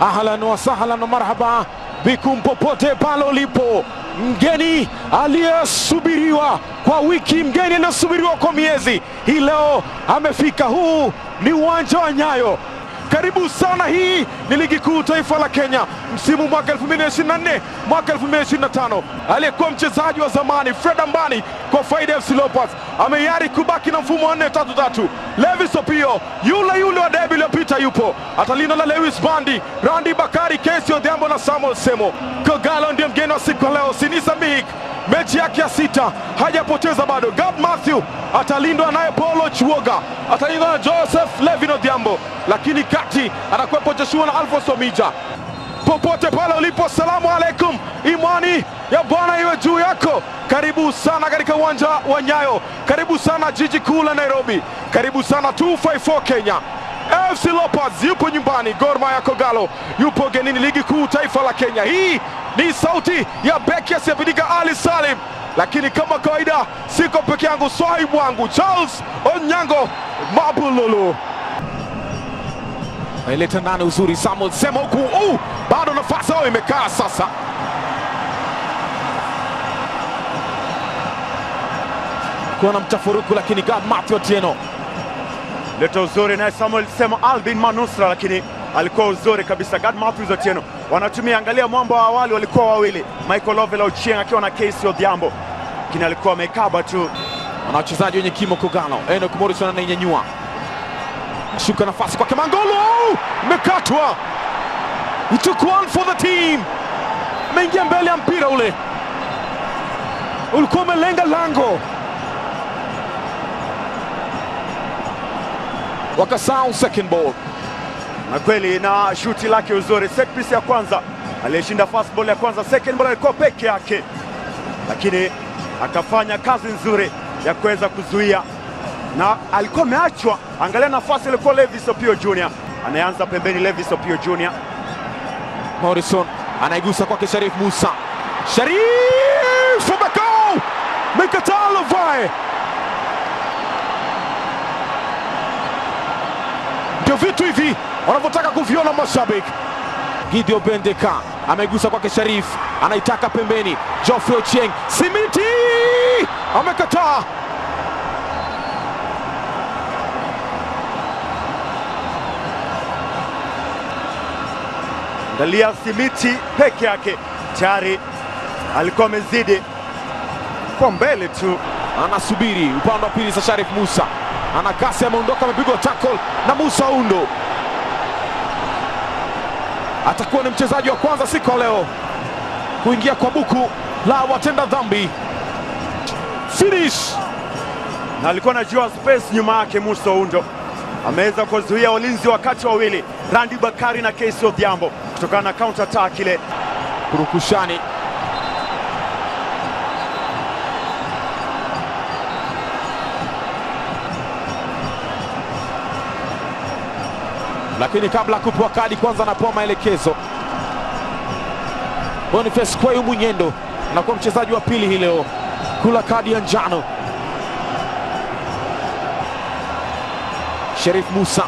ahlan wa sahlan wa marhaba bikum, popote pale ulipo, mgeni aliyesubiriwa kwa wiki, mgeni aliyosubiriwa kwa miezi, hii leo amefika. Huu ni uwanja wa Nyayo. Karibu sana. Hii ni ligi kuu taifa la Kenya, msimu mwaka 2024 mwaka 2025. Aliyekuwa mchezaji wa zamani Fred Ambani kwa Faida FC Leopards ameyari kubaki na mfumo wa nne tatu tatu. Levis Opio yule yule wa debi iliyopita yupo, atalinda na Lewis Bandi, Randi Bakari, Kesi Odhiambo na Samuel Semo. Kogalo ndiye mgeni wa siku ya leo. Sinisa Mihik mechi yake ya sita hajapoteza bado. Gab Matthew atalindwa naye Polo Chuoga, atalindwa na Joseph Levin Odhiambo, lakini kati anakuwepo Joshua na Alfonso Mija. Popote pale ulipo, salamu alaikum ya Bwana iwe juu yako. Karibu sana katika uwanja wa Nyayo, karibu sana jiji kuu la Nairobi, karibu sana 254 Kenya. FC Leopards yupo nyumbani, Gor Mahia Kogalo yupo genini, ligi kuu taifa la Kenya. Hii ni sauti ya beki asiyebadilika Ali Salim, lakini kama kawaida siko peke yangu, swahibu wangu Charles Onyango Mabululu naileta nane uzuri Samuel Semoku. uh, bado nafasi yao imekaa sasa. kulikuwa na mtafaruku, lakini Matthew Otieno leta uzuri, naye Samuel Semo Albin Manusra, lakini alikuwa uzuri kabisa. Matthew Otieno wanatumia, angalia mwamba wa awali walikuwa wawili, Michael Lovela Ochieng akiwa na Casey Odhiambo, lakini alikuwa amekaba tu. Wana wachezaji wenye kimo kogalo, Enoch Morrison anainyanyua, shuka nafasi kwake, Mangolo imekatwa he took one for the team, ameingia mbele ya mpira ule ulikuwa umelenga lango. wakasahau second ball. Na kweli na shuti lake uzuri, set piece ya kwanza aliyeshinda first ball ya kwanza, second ball alikuwa peke yake, lakini akafanya kazi nzuri ya kuweza kuzuia, na alikuwa ameachwa. Angalia nafasi ilikuwa Levis Opio Junior anayeanza pembeni, Levis Opio Junior Morrison anaigusa kwake Sharif Musa, Sharif Mekatalovae ndio vitu hivi wanavyotaka kuviona mashabiki. Gideon Bendeka amegusa kwake, Sharif anaitaka pembeni, Geoffrey Ochieng simiti amekataa. Angalia simiti peke yake, tayari alikuwa amezidi kwa mbele tu, anasubiri upande wa pili. Sasa Sharif Musa ana kasi, ameondoka, amepigwa tackle na Musa Undo. Atakuwa ni mchezaji wa kwanza siku ya leo kuingia kwa buku la watenda dhambi. Finish na alikuwa anajua space nyuma yake. Musa Undo ameweza kuwazuia walinzi wakati wawili Randi Bakari na Keisi Odhiambo kutokana na counter attack ile kurukushani lakini kabla ya kupewa kadi kwanza anapewa maelekezo. Boniface Kwayu Munyendo anakuwa mchezaji wa pili hii leo kula kadi ya njano. Sherif Musa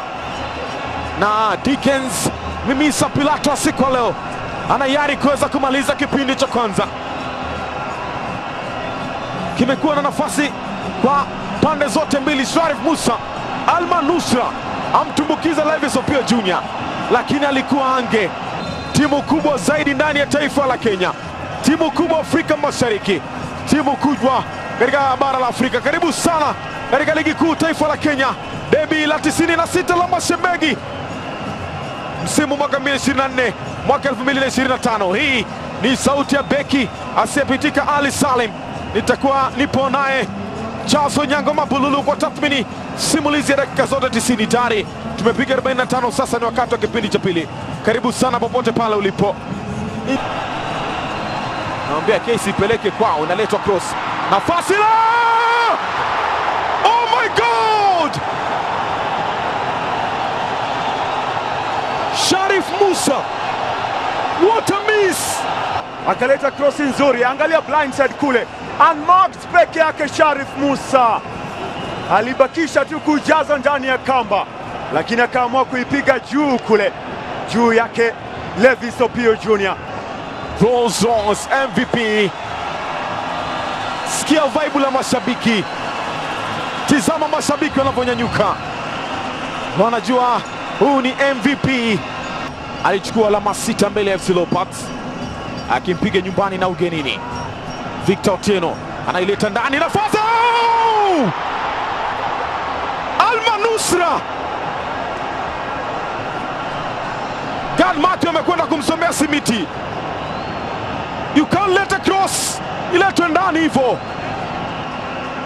na Dickens Mimisa Pilato siku ya leo anayari kuweza kumaliza kipindi cha kwanza. Kimekuwa na nafasi kwa pande zote mbili. Sharif Musa Alma Nusra amtumbukiza Lavis Opiyo Junior, lakini alikuwa ange. Timu kubwa zaidi ndani ya taifa la Kenya, timu kubwa Afrika Mashariki, timu kubwa katika bara la Afrika. Karibu sana katika ligi kuu taifa la Kenya, debi la 96 la Mashemegi msimu mwaka 2024 mwaka 2025. Hii ni sauti ya beki asiyepitika Ali Salim. Nitakuwa nipo naye Charles Onyango Mabululu kwa tathmini simulizi ya dakika zote tisini. Tayari tumepiga 45, sasa ni wakati wa kipindi cha pili. Karibu sana popote pale ulipo, naambia kesi ipeleke kwao, inaletwa cross, nafasi la oh my god, Sharif Musa, what a miss! Akaleta cross nzuri, angalia blindside kule, unmarked peke yake Sharif Musa alibakisha tu kujaza ndani ya kamba, lakini akaamua kuipiga juu kule juu yake. Levis Opio Jr. Bronzons MVP. Sikia vaibu la mashabiki, tizama mashabiki wanavyonyanyuka, wanajua huu ni MVP. Alichukua alama sita mbele ya FC Leopards akimpiga nyumbani na ugenini. Victor Otieno anaileta ndani nafasi nusra. Gan Matthew amekwenda kumsomea simiti. You can't let a cross iletwe ndani hivyo,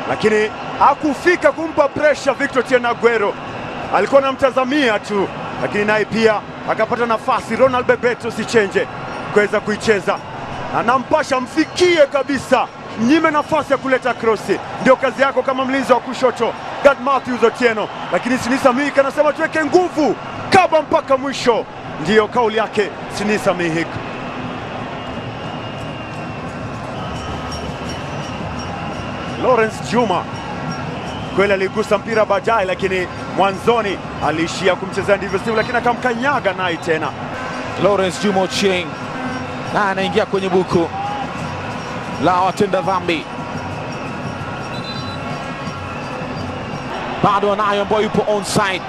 lakini hakufika kumpa pressure Victor Tenaguero, alikuwa anamtazamia tu, lakini naye pia akapata nafasi Ronald Bebeto Sichenje kuweza kuicheza, na nampasha mfikie kabisa, mnyime nafasi ya kuleta krosi. Ndio kazi yako kama mlinzi wa kushoto. God Matthews Otieno, lakini Sinisa mihik anasema tuweke nguvu kaba mpaka mwisho. Ndiyo kauli yake Sinisa mihik Lawrence Juma kweli aligusa mpira baadaye, lakini mwanzoni aliishia kumchezea ndivyo sivyo, lakini akamkanyaga naye tena. Lawrence Juma Ochieng naye anaingia kwenye buku la watenda dhambi. bado anayo ambayo yupo onside,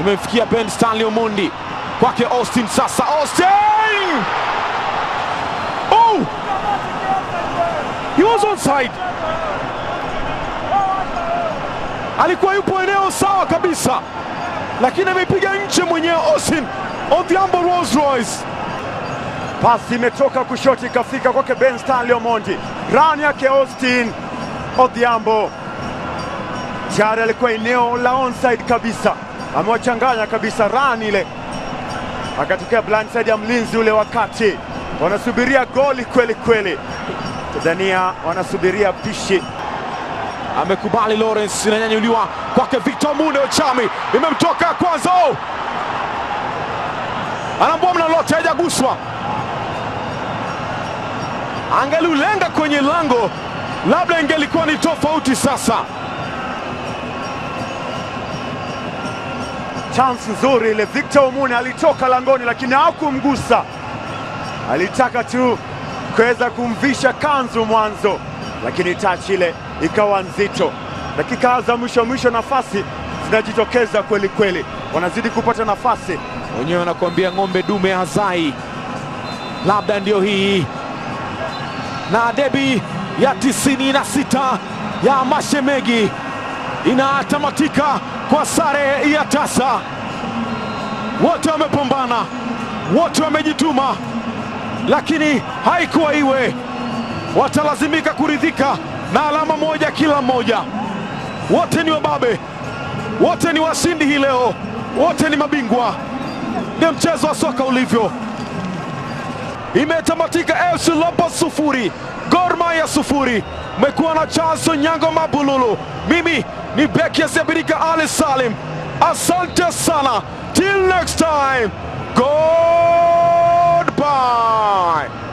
imemfikia Ben Stanley Omondi, kwake Austin. Sasa Austin, oh he was onside, alikuwa yupo eneo sawa kabisa, lakini amepiga nje mwenyewe Austin Odhiambo Rolls Royce. Pasi imetoka kushoti ikafika kwake Ben Stanley Omondi, rani yake Austin Odhiambo tayari alikuwa eneo la onside kabisa, amewachanganya kabisa run ile, akatokea blindside ya mlinzi ule. Wakati wanasubiria goli kweli kweli, Tanzania wanasubiria pishi. Amekubali Lawrence, inanyanyuliwa kwake Victor Mune Ochami, imemtoka kwanza, oh! anambua mna lote, haijaguswa angeliulenga kwenye lango, labda ingelikuwa ni tofauti sasa. Chance nzuri ile, Victor Omune alitoka langoni lakini hakumgusa, alitaka tu kuweza kumvisha kanzu mwanzo, lakini touch ile ikawa nzito. Dakika za mwisho mwisho nafasi zinajitokeza kweli kweli, wanazidi kupata nafasi. Wenyewe wanakuambia ng'ombe dume hazai, labda ndiyo hii. Na debi ya tisini na sita ya mashemegi inatamatika kwa sare ya tasa. Wote wamepambana, wote wamejituma, lakini haikuwa iwe. Watalazimika kuridhika na alama moja kila mmoja. Wote ni wababe, wote ni washindi hii leo, wote ni mabingwa. Ndio mchezo wa soka ulivyo. Imetamatika FC Leopards sufuri Gor Mahia sufuri. Mmekuwa na Charles Onyango Mabululu, mimi Nibeke Zebirika Ali Salim. Asante sana. Till next time. Goodbye.